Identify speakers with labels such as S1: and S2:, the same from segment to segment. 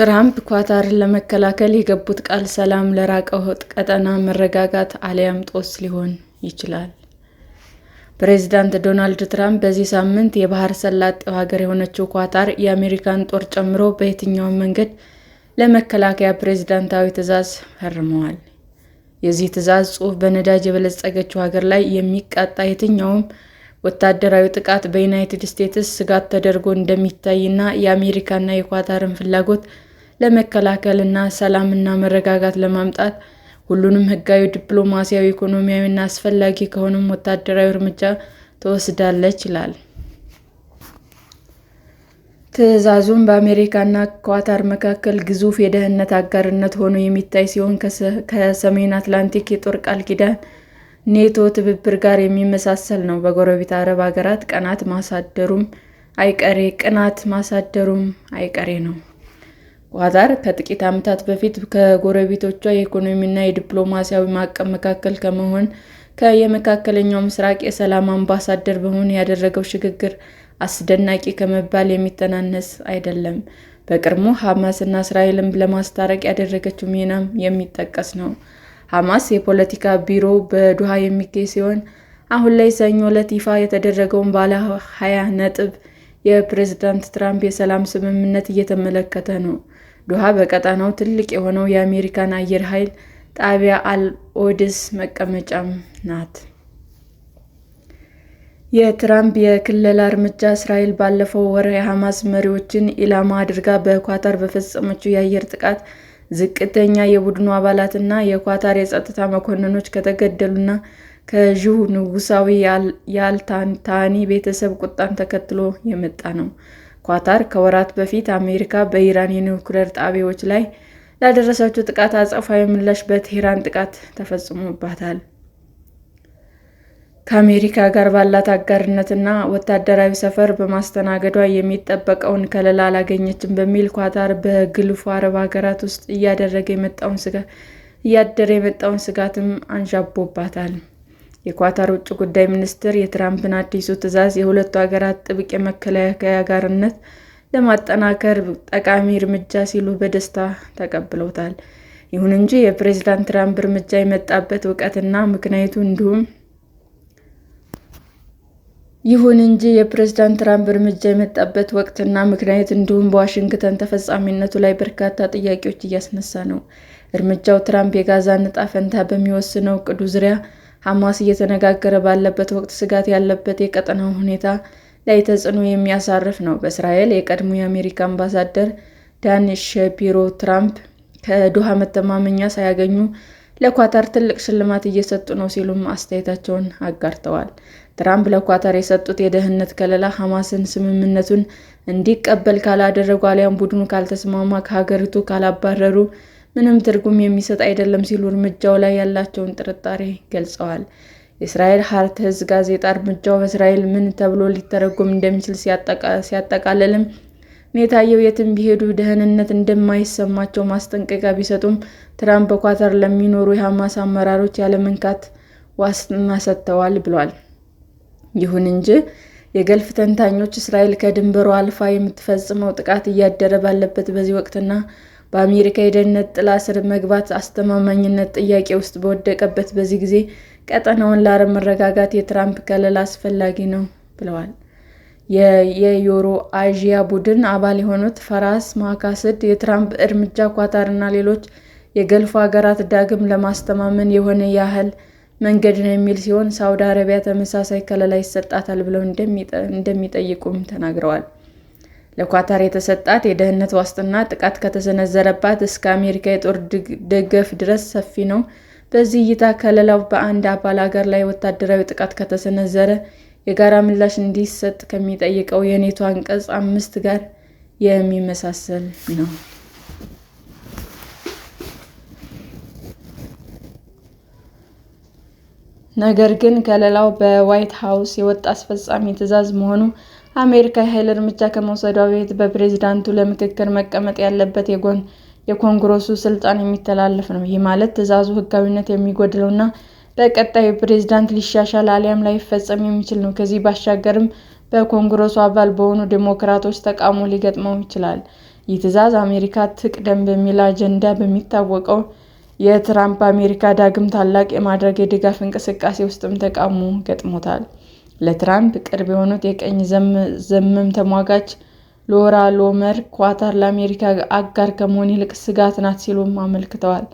S1: ትራምፕ ኳታርን ለመከላከል የገቡት ቃል ሰላም ለራቀው ቀጠና መረጋጋት አሊያም ጦስ ሊሆን ይችላል። ፕሬዚዳንት ዶናልድ ትራምፕ በዚህ ሳምንት የባህር ሰላጤው ሀገር የሆነችው ኳታር የአሜሪካን ጦር ጨምሮ በየትኛውም መንገድ ለመከላከያ ፕሬዚዳንታዊ ትዕዛዝ ፈርመዋል። የዚህ ትዕዛዝ ጽሑፍ በነዳጅ የበለጸገችው ሀገር ላይ የሚቃጣ የትኛውም ወታደራዊ ጥቃት በዩናይትድ ስቴትስ ስጋት ተደርጎ እንደሚታይና የአሜሪካና የኳታርን ፍላጎት ለመከላከልና ሰላምና መረጋጋት ለማምጣት ሁሉንም ህጋዊ ዲፕሎማሲያዊ፣ ኢኮኖሚያዊና አስፈላጊ ከሆነም ወታደራዊ እርምጃ ትወስዳለች ይላል። ትዕዛዙም በአሜሪካና ኳታር መካከል ግዙፍ የደህንነት አጋርነት ሆኖ የሚታይ ሲሆን ከሰሜን አትላንቲክ የጦር ቃል ኪዳን ኔቶ ትብብር ጋር የሚመሳሰል ነው። በጎረቤት አረብ ሀገራት ቀናት ማሳደሩም አይቀሬ ቅናት ማሳደሩም አይቀሬ ነው። ኳታር ከጥቂት ዓመታት በፊት ከጎረቤቶቿ የኢኮኖሚና የዲፕሎማሲያዊ ማዕቀብ መካከል ከመሆን ከየመካከለኛው ምስራቅ የሰላም አምባሳደር በመሆን ያደረገው ሽግግር አስደናቂ ከመባል የሚተናነስ አይደለም። በቅርቡ እና እስራኤልን ለማስታረቅ ያደረገችው ሚናም የሚጠቀስ ነው። ሐማስ የፖለቲካ ቢሮ በዱሃ የሚገኝ ሲሆን፣ አሁን ላይ ሰኞ ዕለት ይፋ የተደረገውን ባለ ሀያ ነጥብ የፕሬዝዳንት ትራምፕ የሰላም ስምምነት እየተመለከተ ነው። ዶሃ በቀጠናው ትልቅ የሆነው የአሜሪካን አየር ኃይል ጣቢያ አልኦድስ መቀመጫም ናት። የትራምፕ የክልል እርምጃ እስራኤል ባለፈው ወር የሐማስ መሪዎችን ኢላማ አድርጋ በኳታር በፈጸመችው የአየር ጥቃት ዝቅተኛ የቡድኑ አባላትና የኳታር የጸጥታ መኮንኖች ከተገደሉና ከዥሁ ንጉሣዊ ያልታኒ ቤተሰብ ቁጣን ተከትሎ የመጣ ነው። ኳታር ከወራት በፊት አሜሪካ በኢራን የኒውክሌር ጣቢያዎች ላይ ላደረሰችው ጥቃት አጸፋዊ ምላሽ በቴህራን ጥቃት ተፈጽሞባታል። ከአሜሪካ ጋር ባላት አጋርነትና ወታደራዊ ሰፈር በማስተናገዷ የሚጠበቀውን ከለላ አላገኘችም በሚል ኳታር በግልፉ አረብ ሀገራት ውስጥ እያደረ የመጣውን ስጋትም አንዣቦባታል። የኳታር ውጭ ጉዳይ ሚኒስትር የትራምፕን አዲሱ ትዕዛዝ የሁለቱ ሀገራት ጥብቅ የመከላከያ አጋርነት ለማጠናከር ጠቃሚ እርምጃ ሲሉ በደስታ ተቀብለውታል። ይሁን እንጂ የፕሬዝዳንት ትራምፕ እርምጃ የመጣበት እውቀትና ምክንያቱ እንዲሁም ይሁን እንጂ የፕሬዝዳንት ትራምፕ እርምጃ የመጣበት ወቅትና ምክንያት እንዲሁም በዋሽንግተን ተፈጻሚነቱ ላይ በርካታ ጥያቄዎች እያስነሳ ነው። እርምጃው ትራምፕ የጋዛን ዕጣ ፈንታ በሚወስነው ዕቅዱ ዙሪያ ሐማስ እየተነጋገረ ባለበት ወቅት ስጋት ያለበት የቀጠናው ሁኔታ ላይ ተጽዕኖ የሚያሳርፍ ነው። በእስራኤል የቀድሞ የአሜሪካ አምባሳደር ዳን ሸፒሮ ትራምፕ ከዶሃ መተማመኛ ሳያገኙ ለኳታር ትልቅ ሽልማት እየሰጡ ነው ሲሉም አስተያየታቸውን አጋርተዋል። ትራምፕ ለኳታር የሰጡት የደህንነት ከለላ ሐማስን ስምምነቱን እንዲቀበል ካላደረጉ አሊያም ቡድኑ ካልተስማማ ከሀገሪቱ ካላባረሩ ምንም ትርጉም የሚሰጥ አይደለም ሲሉ እርምጃው ላይ ያላቸውን ጥርጣሬ ገልጸዋል። የእስራኤል ሃርትዝ ጋዜጣ እርምጃው በእስራኤል ምን ተብሎ ሊተረጎም እንደሚችል ሲያጠቃልልም ኔታየው የትም ቢሄዱ ደህንነት እንደማይሰማቸው ማስጠንቀቂያ ቢሰጡም ትራምፕ በኳተር ለሚኖሩ የሐማስ አመራሮች ያለመንካት ዋስትና ሰጥተዋል ብሏል። ይሁን እንጂ የገልፍ ተንታኞች እስራኤል ከድንበሩ አልፋ የምትፈጽመው ጥቃት እያደረ ባለበት በዚህ ወቅትና በአሜሪካ የደህንነት ጥላ ስር መግባት አስተማማኝነት ጥያቄ ውስጥ በወደቀበት በዚህ ጊዜ ቀጠናውን ለአረብ መረጋጋት የትራምፕ ከለላ አስፈላጊ ነው ብለዋል። የዩሮ አዥያ ቡድን አባል የሆኑት ፈራስ፣ ማካስድ የትራምፕ እርምጃ ኳታርና ሌሎች የገልፉ ሀገራት ዳግም ለማስተማመን የሆነ ያህል መንገድ ነው የሚል ሲሆን ሳውዲ አረቢያ ተመሳሳይ ከለላ ይሰጣታል ብለው እንደሚጠይቁም ተናግረዋል። ለኳታር የተሰጣት የደህንነት ዋስትና ጥቃት ከተሰነዘረባት እስከ አሜሪካ የጦር ደገፍ ድረስ ሰፊ ነው። በዚህ እይታ ከለላው በአንድ አባል አገር ላይ ወታደራዊ ጥቃት ከተሰነዘረ የጋራ ምላሽ እንዲሰጥ ከሚጠይቀው የኔቶ አንቀጽ አምስት ጋር የሚመሳሰል ነው። ነገር ግን ከለላው በዋይት ሀውስ የወጣ አስፈጻሚ ትዕዛዝ መሆኑ አሜሪካ የኃይል እርምጃ ከመውሰዷ በፊት በፕሬዝዳንቱ ለምክክር መቀመጥ ያለበት የኮንግረሱ ስልጣን የሚተላለፍ ነው። ይህ ማለት ትዕዛዙ ህጋዊነት የሚጎድለውና በቀጣይ ፕሬዝዳንት ሊሻሻል አሊያም ላይፈጸም የሚችል ነው። ከዚህ ባሻገርም በኮንግረሱ አባል በሆኑ ዲሞክራቶች ተቃውሞ ሊገጥመው ይችላል። ይህ ትዕዛዝ አሜሪካ ትቅደም በሚል አጀንዳ በሚታወቀው የትራምፕ አሜሪካ ዳግም ታላቅ የማድረግ የድጋፍ እንቅስቃሴ ውስጥም ተቃውሞ ገጥሞታል። ለትራምፕ ቅርብ የሆኑት የቀኝ ዘመም ተሟጋች ሎራ ሎመር ኳታር ለአሜሪካ አጋር ከመሆን ይልቅ ስጋት ናት ሲሉም አመልክተዋል።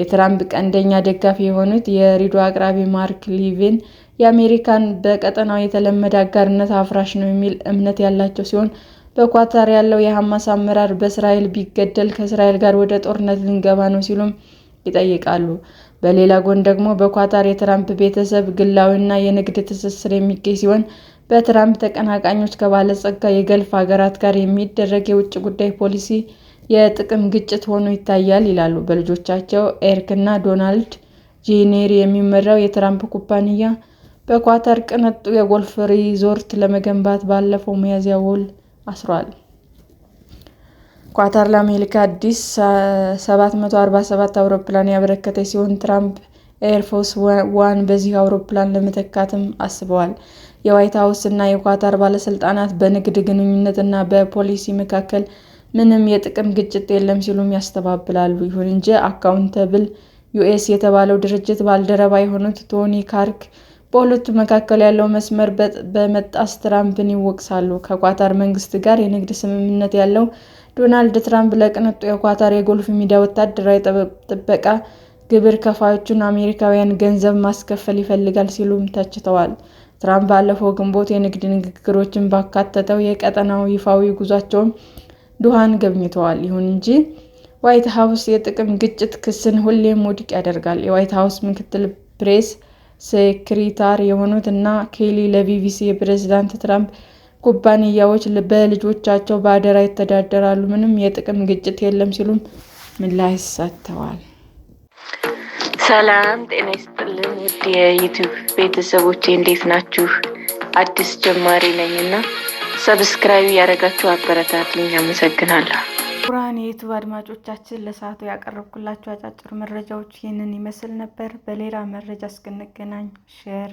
S1: የትራምፕ ቀንደኛ ደጋፊ የሆኑት የሪዶ አቅራቢ ማርክ ሊቪን የአሜሪካን በቀጠናው የተለመደ አጋርነት አፍራሽ ነው የሚል እምነት ያላቸው ሲሆን በኳታር ያለው የሐማስ አመራር በእስራኤል ቢገደል ከእስራኤል ጋር ወደ ጦርነት ልንገባ ነው ሲሉም ይጠይቃሉ። በሌላ ጎን ደግሞ በኳታር የትራምፕ ቤተሰብ ግላዊና የንግድ ትስስር የሚገኝ ሲሆን በትራምፕ ተቀናቃኞች ከባለጸጋ የገልፍ ሀገራት ጋር የሚደረግ የውጭ ጉዳይ ፖሊሲ የጥቅም ግጭት ሆኖ ይታያል ይላሉ። በልጆቻቸው ኤሪክ እና ዶናልድ ጄኔር የሚመራው የትራምፕ ኩባንያ በኳታር ቅንጡ የጎልፍ ሪዞርት ለመገንባት ባለፈው ሚያዝያ ውል አስሯል። ኳታር ለአሜሪካ አዲስ 747 አውሮፕላን ያበረከተ ሲሆን ትራምፕ ኤርፎርስ ዋን በዚህ አውሮፕላን ለመተካትም አስበዋል። የዋይት ሀውስ እና የኳታር ባለስልጣናት በንግድ ግንኙነት እና በፖሊሲ መካከል ምንም የጥቅም ግጭት የለም ሲሉም ያስተባብላሉ። ይሁን እንጂ አካውንተብል ዩኤስ የተባለው ድርጅት ባልደረባ የሆኑት ቶኒ ካርክ በሁለቱ መካከል ያለው መስመር በመጣስ ትራምፕን ይወቅሳሉ። ከኳታር መንግስት ጋር የንግድ ስምምነት ያለው ዶናልድ ትራምፕ ለቅንጡ የኳታር የጎልፍ ሜዳ ወታደራዊ ጥበቃ ግብር ከፋዮቹን አሜሪካውያን ገንዘብ ማስከፈል ይፈልጋል ሲሉም ተችተዋል። ትራምፕ ባለፈው ግንቦት የንግድ ንግግሮችን ባካተተው የቀጠናው ይፋዊ ጉዟቸውም ዱሃን ገብኝተዋል። ይሁን እንጂ ዋይት ሀውስ የጥቅም ግጭት ክስን ሁሌም ውድቅ ያደርጋል። የዋይት ሀውስ ምክትል ፕሬስ ሴክሪታሪ የሆኑት እና ኬሊ ለቢቢሲ የፕሬዚዳንት ትራምፕ ኩባንያዎች በልጆቻቸው በአደራ ይተዳደራሉ፣ ምንም የጥቅም ግጭት የለም ሲሉም ምላሽ ሰጥተዋል።
S2: ሰላም ጤና ይስጥልን ውድ የዩቱብ ቤተሰቦቼ እንዴት ናችሁ? አዲስ ጀማሪ ነኝ እና ሰብስክራይብ ያደረጋችሁ አበረታቱኝ። አመሰግናለሁ።
S1: ቁራን የዩቱብ አድማጮቻችን ለሰዓቱ ያቀረብኩላችሁ አጫጭር መረጃዎች ይህንን ይመስል ነበር። በሌላ መረጃ እስክንገናኝ ሼር